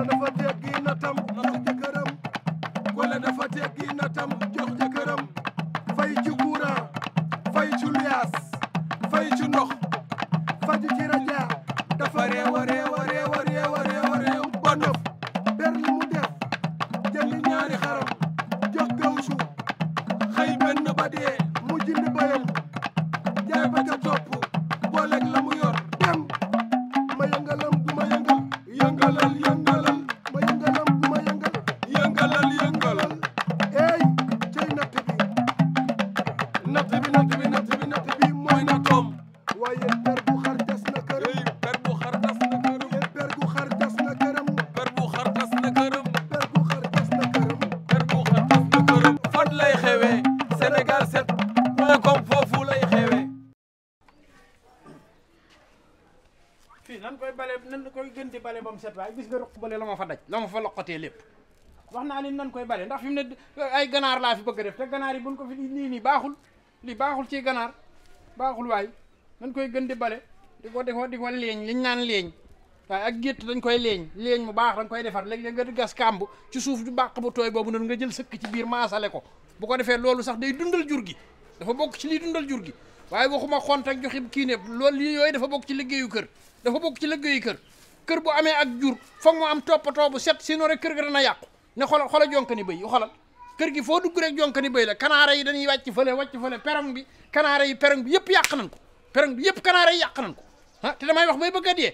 Colle dafa teggi natam jox jëkkëram Colle dafa teggi natam jox jëkkëram fay ci courant fay ci luyaas fay ci ndox faju ci raja dafa réew a set waaye gis nga ruq bële la ma fa daj la ma fa loqotee lépp wax naa leen nan koy bale ndax fi mu ne ay ganaar laa fi bëgg def te ganaar yi buñ ko fi nii nii baaxul li baaxul ci ganaar baaxul waay nan koy gën di bale di ko di ko di ko naan leeñ waaye ak gétt dañ koy leeñ leeñ mu baax dañ koy defar léeg-léeg nga gas kàmb ci suuf du bàq bu tooy boobu noonu nga jël sëkk ci biir maasale ko bu ko defee loolu sax day dundal jur gi dafa bokk ci liy dundal jur gi waaye waxuma xont ak joxib kii ne loolu yooyu dafa bokk ci liggéeyu kër dafa bokk ci liggéeyu kër kër bu amee ak jur foog mu am toppatoo bu set sinon rek kër ga dana yàqu ne xoolal xoolal jonkani béy xoolal kër gi foo dugg rek jonkani béy la kanaara yi dañuy wàcc fële wàcc fële perong bi kanaara yi perong bi yëpp yàq nañ ko perong bi yëpp kanaara yi yàq nañ ko ah te damay wax bay bëgg a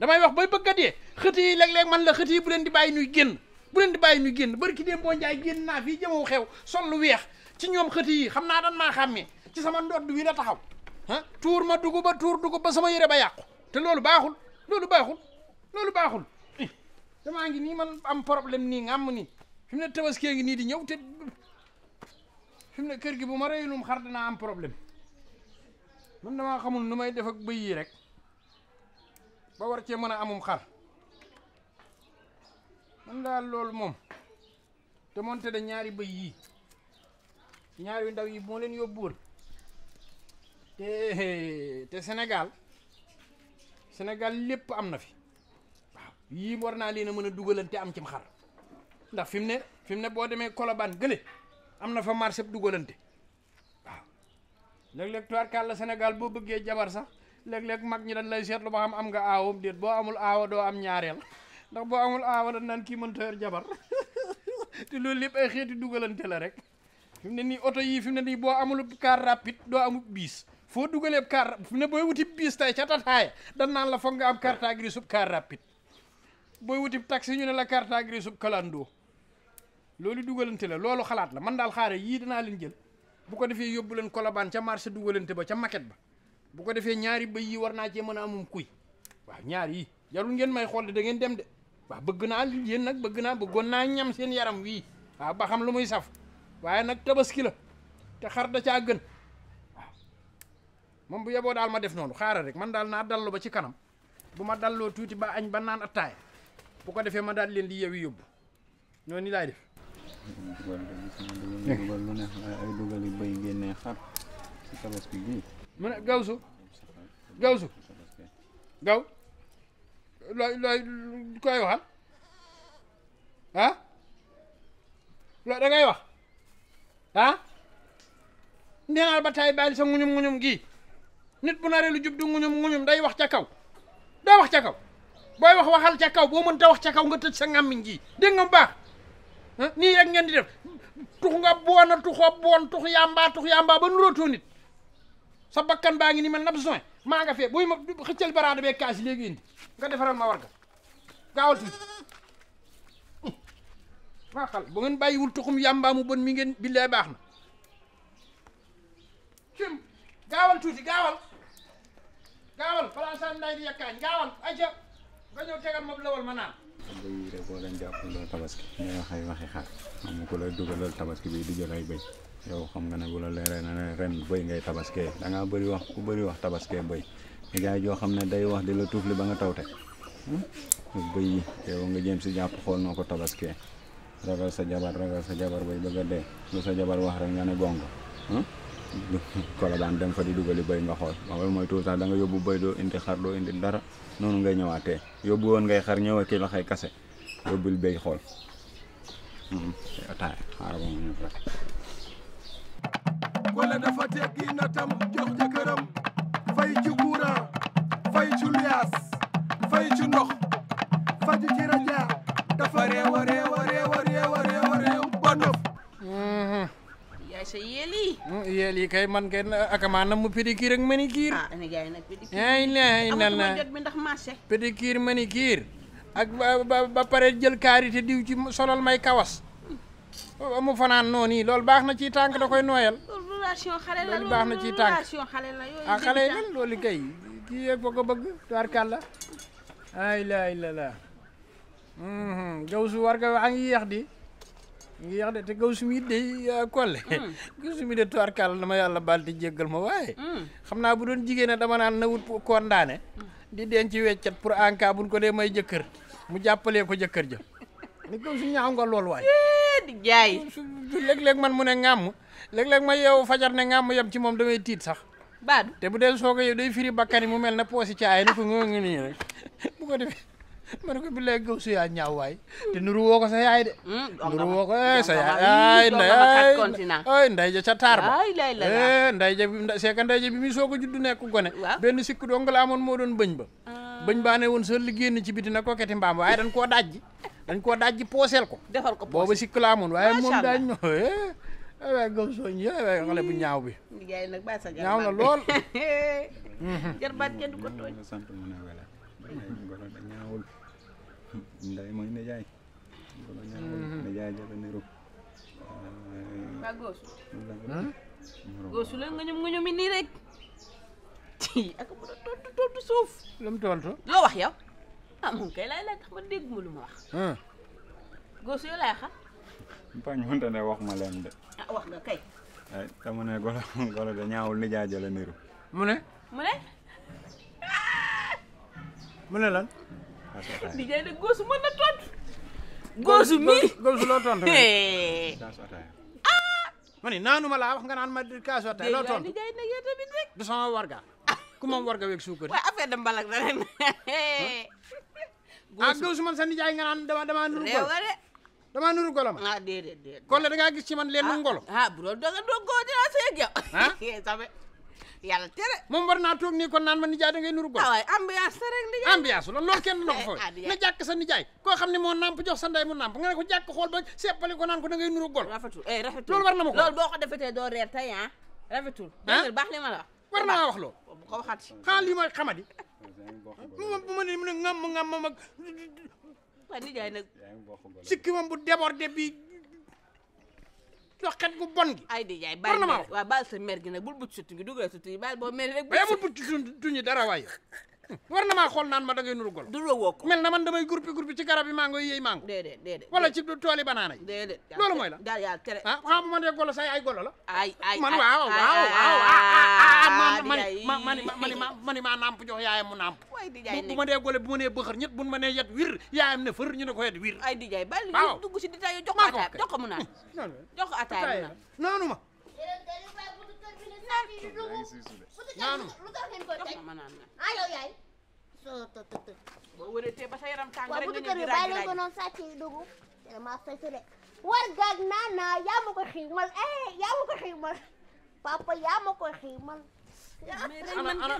damay wax bay bëgg a dee xët yi léeg-léeg man la xët yi bu leen di bàyyi nuy génn bu leen di bàyyi nuy génn bari ki dem boo njaay génn naa fii jëmaw xew sol lu weex ci ñoom xët yi xam naa dan maa xàmmee ci sama ndodd wi la taxaw ah tuur ma dugg ba tuur dugg ba sama yere ba yàqu te loolu baaxul loolu baaxul loolu baaxul eh. damaa ngi nii man am problème nii ngàmm nii fi mu te tabaskee ngi nii di ñëw te fi ne kër gi bu ma reyulum xar dinaa am problème man damaa xamul nu may def ak bëy rek ba war cee mën a amum xar man daal loolu moom te moonte de ñaari bëy yii ñaari ndaw yi mooleen leen yóbbuwoon te senegal Sénégal Sénégal lépp am na fi yii war naa leen a mën a dugalante am cim xar ndax fi mu ne fim mu ne boo demee Colobane gële am na fa marché dugalante waaw léeg-léeg tubaarkàlla boo bëggee jabar sax léeg-léeg mag ñi dañ lay seetlu ba xam am nga aawam déet boo amul aawa doo am ñaareel ndax boo amul aawa dañ naan kii mënta yor jabar te loolu lépp ay xeeti dugalante la rek fi mu ne nii oto yii fi mu ne nii boo amul car rapide doo amul biis foo dugalee car fi mu ne booy wuti biis tay ca tataaya dañ naan la foog nga am carte grise sub car rapide booy wuti taxi ñu ne la carte grise sub kalandoo loolu dugalante la loolu xalaat la man daal xaare yii danaa leen jël bu ko defee yóbbu leen kolobaan ca marché dugalante ba ca maquette ba bu ko defee ñaari bëy yi war naa cee mën a amum kuy waaw ñaar yi jarul ngeen may xool da ngeen dem de waaw bëgg naa yéen nag bëgg naa bëggoon naa ñam seen yaram wii waaw ba xam lu muy saf waaye nag tabaski la te xar da ca gën waaw moom bu yeboo daal ma def noonu xaaral rek man daal naa dallu ba ci kanam bu ma dalloo tuuti ba añ ba naan bu ko defee ma daal leen di yewi yóbbu noonu ni laay def. dugal lu neex ay dugal yu béy génnee xar mu ne gawsu gawsu gaw looy looy koy waxal ah loo da ngay wax ah nee naa ba taay bàyyi sa nguñum nguñum gii nit bu naree lu jub du nguñum nguñum day wax ca kaw day wax ca kaw. booy wax waxal ca kaw boo mënta wax ca kaw nga tëj sa ngàmmiñ gi dégg nga baax nii rek ngeen di def tux nga boona tuxoo boon tux yàmbaa tux yàmbaa ba nuróotoo nit sa bakkan baa ngi ni mel na besoin maa nga fee buy ma xëccal baraada bee kaas yi léegi nga defaral ma war gaawal tuuti waa xal bu ngeen bàyyiwul tuxum yàmbaa mu bon mi ngeen billaay baax na cim gaawal tuuti gaawal gaawal faransa nday di yakkaañ gaawal nga ñëw tegal ma lawal ma naan. nga boo leen jàpp loolu tabaski ngay wax ay waxi xaar xam ku lay dugalal tabaski bii di jël ay bëy yow xam nga ne bu la leeree ne ren bëy ngay tabaskee danga ngaa bëri wax ku bëri wax tabaskee bëy di joo xam ne day wax di la tuufli ba nga tawte hmm? bëy nga jéem si jàpp xool noo ko tabaskee ragal sa jabar ragal sa jabar bay bëgg a dee lu sa jabar wax rek nga ne bongo hmm? Colobane dem fa di dugali béy nga xool wala mooy tout temps da noonu la hmm. ñëw rek wala dafa natam jox jëkkëram fay ci courant fay ci luyaas fay ci ndox faju ci raja dafa réew a réew a réew a réew a réew a ba nof yaay sa yéel hmm, yi. yéel yi kay man kay akamaanam mu pédicure ak manicure. ah ana jaay nag pédicure. amatuma jot bi ak ba ba pare jël karité diw ci solal may kawas. Oh, mu fanaan noonu yi loolu baax na ci tànk da koy nooyal. loolu baax na ci tànk relation xale la yooyu. ah xale kay kii yee ko bëgg tubaarkàlla. ay la ay la la. Hmm, hmm. gawsu war nga waa ngi yéex di. ngi yax de te gaw sumi de kolle hmm. gaw sumi de tuwarkal dama yàlla baal te jéggal ma waaye hmm. xam naa bu doon jigéen dama naan na wut kondaane hmm. di denc ci weccat pour en cas buñ ko dee may jëkkër mu jàppalee ko jëkkër ja ni gaw su ñaaw nga lool waaye di jaay léeg-léeg man mu ne ŋàmm léeg-léeg ma yeewu fajar ne ŋàmm yem ci moom damay tiit sax baadu te bu dee sooga yow day firi bakkani mu mel na poosi caay ni ko nga ngi nii rek bu ko defee ma ne hmm, eh, eh, eh, ah. ko billaay gaw su yaa ñaaw waay te nuru ko sa yaay de nuru woo ko sa yaay ay nday ay ca taar ba nday ja bi seeka nday ja bi muy soog a juddu nekk gone benn sikku dong la moo doon bañ ba bëñ baa ne woon sa liggéey ci biti na ko keti mbaam waaye dañ koo dajji dañ koo dajji pooseel ko defal ko booba sikku la amoon moom daañ ño waaye gaw sooñ y waaye xale bu ñaaw bi liggéey na lool Nday mooy Ndiaye. Ndiaye jafe niru. waa Gosu. Hmm? Gosu la nga ñoom nga ñoom nii rek. ci ak mu doon tontu tontu suuf. lu mu tontu. loo wax yow. ah moom kay laay laaj tax ma dégg ma lu ma wax. Hmm. Gosu yow laay xam. Mpañ mënta ne wax ma leen de. ah wax nga kay. ay eh, te mu ne golo golo de ñaawul Ndiaye jële niru. mu ne. mu ne. mu ne lan. di jaay de góosu mën na tontu. góosu mii loo tontu ah. ma naanu ma laa wax nga naan ma kaasu ataaya loo tontu di jaay nag yow tamit rek. du sama warga ku moom warga weeg suukar. waaye affaire de mbalak da ah, sa nijaay nga naan dama dama nuru golo. dama nuru golo ma. ah déedéet déedéet. kon la da ngaa gis ci man lenn ah, ngolo. ah bu doon doon góor dinaa seeg yow. ah yàlla tere moom war naa toog nii kon naan ma nijaay da ngay nuru gor ah waaye ambiance nijaay ambiance la loolu kenn na ko fa na jàkk sa nijaay koo xam ne moo namp jox sa ndey mu namp nga ne ko jàkk xool ba seppali ko naan ko da ngay nuru gor rafetul eh rafetul loolu war na ma ko loolu boo ko defetee doo reer ah. Ah? ma bu ma xamadi mu ne ngam ngam ma mag sikki moom bu débordé bi doxet gu bon gi. ay di jaay bàyyi waaw baal sa mer gi nag bul boo mer rek. bucc sutu yi dara waaye. war na maa xool naan ma da ngay golo du woo ko mel na man damay groupe groupe ci garab yi mango yi yey mango déedéet déedéet wala ci tool yi banaana yi déedéet loolu mooy la daal yaa tere ah xam bu ma dee golo say ay golo la ay ay ma mani mani mani maa nàmp yaayam mu nàmp bu ma dee golo bu ma nee bëxër ñett bu ma nee yet wir yaayam ne fër ñu wir ay dijaay bal dugg si détail jox ko ataaya jox ko mu naan jox ko naan bi lu naan lu tax ngeen koy teg ah yow ma fay yaa ma ko xiimal eh yaa ma ko xiimal papa yaa ma ko xiimal ana ana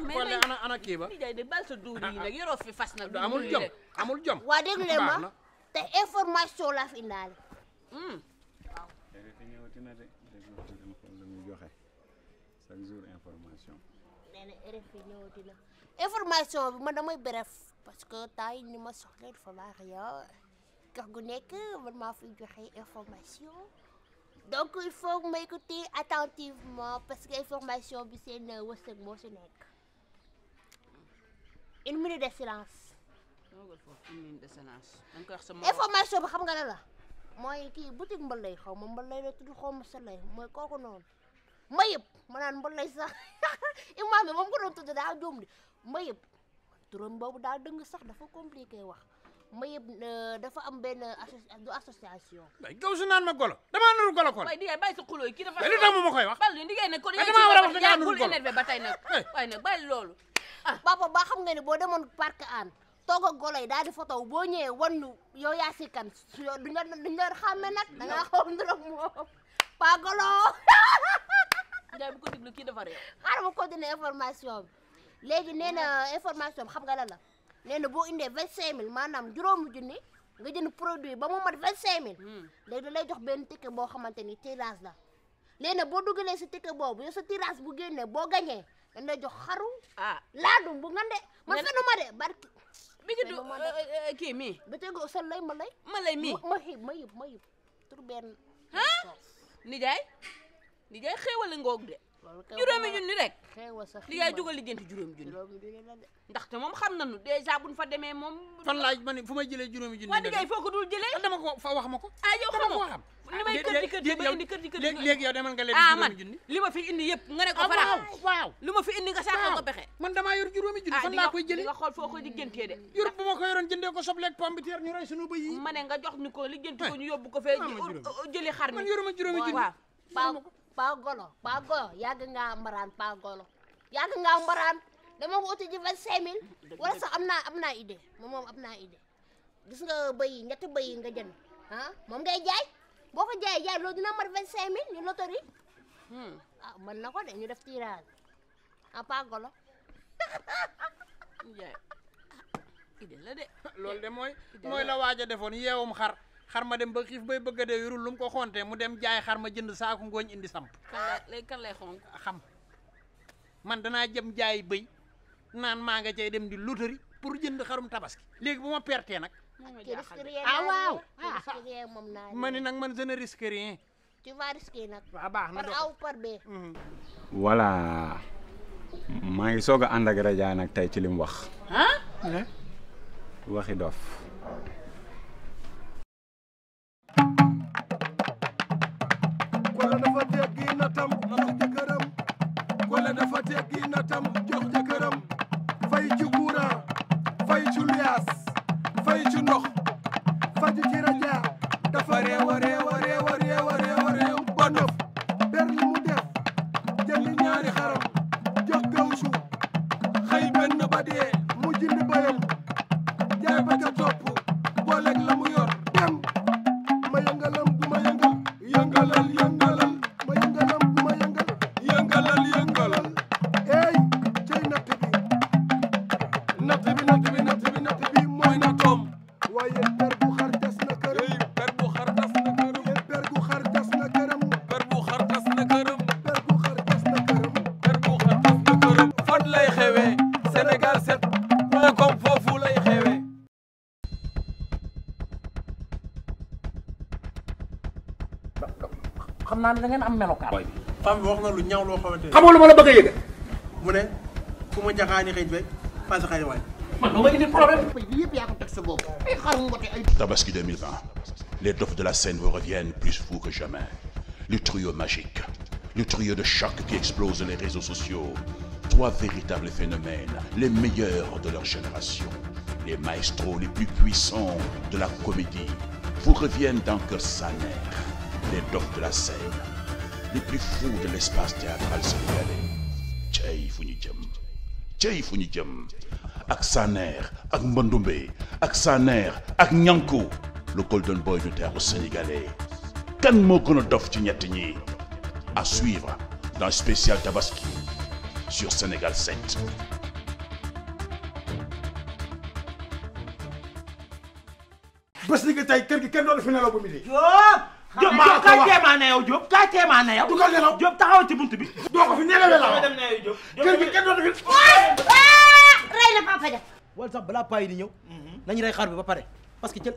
amul jom amul jom waa ma te information laa fi indaale chaque jour information. nee bi man damay bref parce que taay ni ma soxla dafa baax yow kër gu nekk man maa fiy joxe information donc il faut que ma attentivement parce que information bi seen wërsëg moo si nekk une minute de silence. information bi xam nga la la. mooy kii boutique mbalay xaw ma mbalay la tudd xaw ma sa lay mooy kooku noonu. Mayib ma naan mbon lay sax imaam bi moom ko doon daa juum di Mayib boobu daa dëng sax dafa compliqué wax Mayib euh, dafa am du association. waaye gaw su naan ma golo damaa nuru golo kon. waaye di bàyyi sa xuloo kii dafa. mais lu tax mu ma koy wax. bal liggéey nag kon yow damaa war a ba tey nag waaye ah. xam nga ni boo demoon parc aan toog ak golo yi daal di fotow boo ñëwee wan ñu yow yaa si kan duñ la duñ la xàmme nag da ngaa xaw a ndur ak moom pa golo. Ndiaye bu ko déglu kii dafa réew. xaaral ma continuer information bi léegi nee na information bi xam nga lan la nee na boo indee vingt cinq mille maanaam juróomu junni nga jënd produit ba mu mat vingt cinq mille. Hmm. lay jox benn ticket boo xamante ni tirage la. léegi nag boo dugalee si ticket boo bu sa tirage bu génnee boo gañee dañ lay jox xaru. ah laadum bu ngande. man fenn ma de barki. mi ngi du euh, euh, euh, kii mii. ba tey sa lay ma lay. ma lay mii ma ma yib ma yib ma yib. tur benn. ah ni li ngay xéewale ngoog de juróomi junni rek li ngay jógal liggéenti juróomi junni ndaxte moom xam nañu dèjà buñ fa demee moom fan laaj ma ne fu may jëlee juróomi junni waa liggéey foo ko dul jëlee ah, dama ko fa wax ah, indi léegi yow demal ah, man nga ne waaw li ma fi indi nga saako nga man damaa yor juróomi junni fan laa koy jëlee foo ko yoroon jëndee ko sobleeg pomme de terre ñu rey sunu bëy yi nga jox ñu ko liggéenti ko eh. ñu yóbbu ko fee jëli xar mi man yoruma juróomi junni waaw paa golo paa golo yàgg ngaa mbaraan paa golo yàgg mbaraan dama wuti ji vingt cinq mille wala sax am naa am naa idée moom moom am naa idée gis nga bëy yi ñetti bëy yi nga jënd ah moom ngay jaay boo ko jaay jaay loolu dina mat vingt cinq mille lotori hmm. ah mën na ko de ñu def tirage a paa golo la de loolu de mooy mooy la waaj a defoon yeewum xar xar ma dem ba xiif bay bëgg dee yorul lu mu ko xonte mu dem jaay xar ma jënd saako ngooñ indi samp. kan lay xam man danaa jëm jaay bëy naan maa nga cay dem di loterie pour jënd xarum tabaski léegi bu ma pertee nag. ah waaw ma ni nag man je ne risque rien. tu nag. waaw ah, baax na par A mhm. maa ngi soog a ànd ak nag tey ci li wax. ah. waxi dof. kole dafa teggi natam jox jëkkëram kole dafa teggi natam jox jëkkëram fay ci courant fay ci luyaas fay ci ndox faju ci rajo naa ne da ngeen am melokaan. lu ñaaw loo xamante ne. xamoo la bëgg a ne ku ma jaxaani xëy ba paase xëy waay. man dama indi problème. lii yëpp yaa ko teg sa bopp. les dofs de la scène vous reviennent plus fous que jamais le trio magique le trio de choc qui explose les réseaux sociaux trois véritables phénomènes les meilleurs de leur génération les maestros les plus puissants de la comédie vous reviennent dans Kër Saner. les docs de la scène les plus fous de l'espace théâtral sénégalais cey fu ñu jëm cey fu ñu jëm ak Saner ak Mbandumbe ak Saner ak Ñanku le golden boy du théâtre sénégalais kan moo gën a dof ci ñett ñi à suivre dans spécial Tabaski sur Sénégal 7. Diop maa ko wax Diop na yow Diop kaay teemaa na yow. ci buntu bi. doo ko fi nelawee la dem na yow Diop. na papa ja. wala sax balaa paa di ñëw. Mhm. nañu rey xar bi ba pare parce que jël.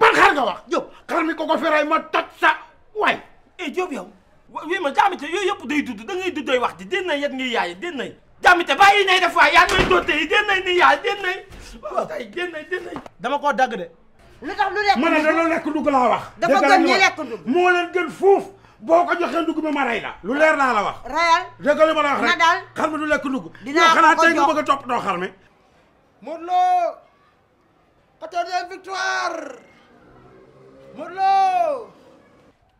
ban xar nga wax. Diop xar ko ko fi ma toj sa waay. eh Diop yow. wii ma jaamite yooyu yëpp day dudd da ngay dudd wax di den nañ yet ngi yaay den nañ. jaamite bàyyi nay may dootee yi ni yaay den dama koo dagg de. lu tax lu lekk dugub ma ne dañoo lekk dugub laa wax. dafa gën ñu lekk dugub moo leen gën fuuf boo ko joxee dugub bi ma la. lu leer naa la wax. reyal dégg ma la wax rek daal xar du lekk dugub. dinaa ko xanaa tey nga bëgg a topp doo xar mi. Modou Lo quatorzième victoire Modou Lo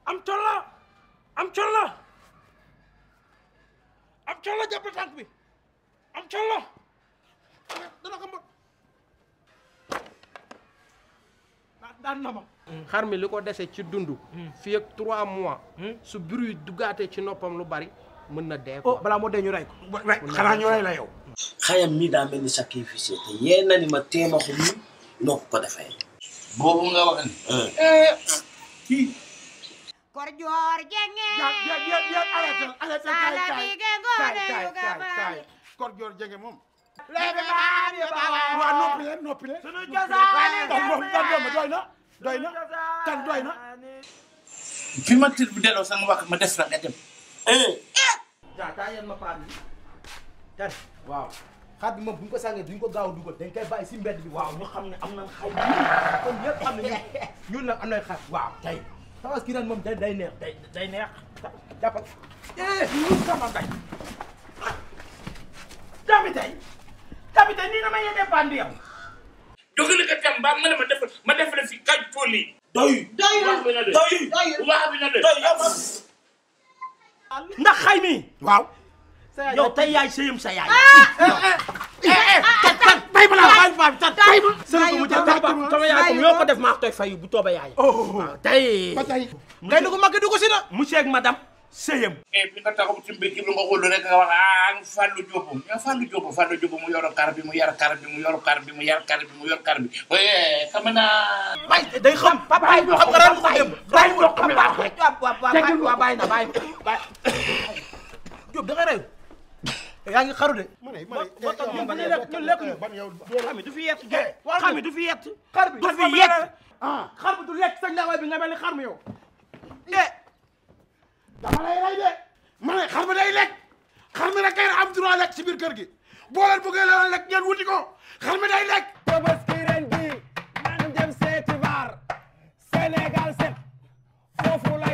am col la am col la am col am col daan na ma. xar mi li ko dese ci dund. Hmm. fii ak trois mois. Hmm. su bruit duggaatee ci noppam lu bari mën na dee ko. oh balaa moo dee ñu rey ko. ñu rey la yow. xayam mi daa mel ni sacrifice te yee na ni ma teema ko nii noo ko defee. boobu nga wax ni. Eh. Eh. kii. kor joor jenge. kor joor jenge moom. léegi maa ngi baax. waaw noppi leen noppi leen. sunu cosaan doy na tan doy na. fi ma tër bu delloo sama wax ma des la nga dem. Eh! jaa taa yéen ma paan bi tan waaw xaar bi moom bu ñu ko sàngee duñ ko gaaw a dugal dañ koy bàyyi si mbedd bi waaw ñu xam ne am na xar kon yëpp xam ne ñun nag am na xar waaw tey tabaski ren moom day day neex day day neex jàppal eh ñu sama day tamit tey tamit tey nii na ma yéene bandi yow dogale ka tam ba ma ne ma def ma def la fi kaj tool yi. doyul doyul doyul doyul wax bi na de wax bi na de. ndax xay mi. waaw. yow tey yaay sëyam sa yaay. tat bay ma la bay ma tat bay ma. sëriñ mu jël sama yaay ñoo ko def maa koy fay bu tooba yaay. Oh. waaw tey. tey dugg mag dugg si na. monsieur ak madame. sëyam et eh, puis nga taxaw ci mbir bi nga nga wax ah Fallou Diop ñoo Fallou Diop mu yor kar bi mu yar kar bi mu yor kar bi mu yar kar bi mu yor kar bi waaye xam naa bay day xam papa yi xam nga ran ko dem bay ko xam ba rek waaw bay na bay bay Diop da nga rew yaa ngi xaru de ne du fi yett eh, xam du fi yett xar bi du fi yett ah bi du lekk sañ la way bi nga mel ni xar mu yow eh dama lay rey ma ne xar mi day xar mi rek kay am droit lekk ci biir kër gi boo leen bëggee leen xar mi day lekk. tabaski ren gi man dem seeti vaar Sénégal set foofu la.